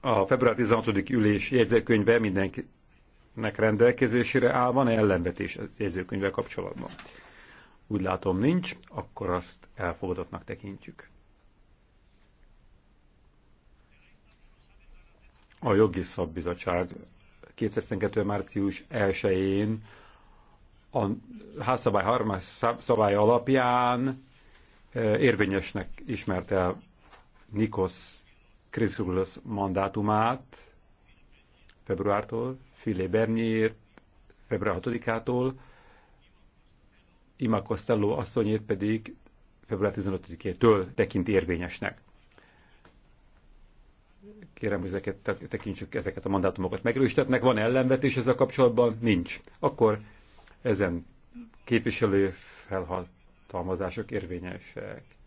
a február 16. ülés jegyzőkönyve mindenkinek rendelkezésére áll, van -e ellenvetés a jegyzőkönyvvel kapcsolatban? Úgy látom nincs, akkor azt elfogadottnak tekintjük. A jogi szabbizottság 2012. március 1-én a házszabály harmás szabály alapján eh, érvényesnek ismerte el Nikosz Krisztus mandátumát februártól, Filé Berniért február 6-ától, Ima Costello asszonyét pedig február 15-től tekint érvényesnek. Kérem, hogy ezeket, tekintsük ezeket a mandátumokat megerősítetnek. Van ellenvetés ezzel kapcsolatban? Nincs. Akkor ezen képviselő felhatalmazások érvényesek.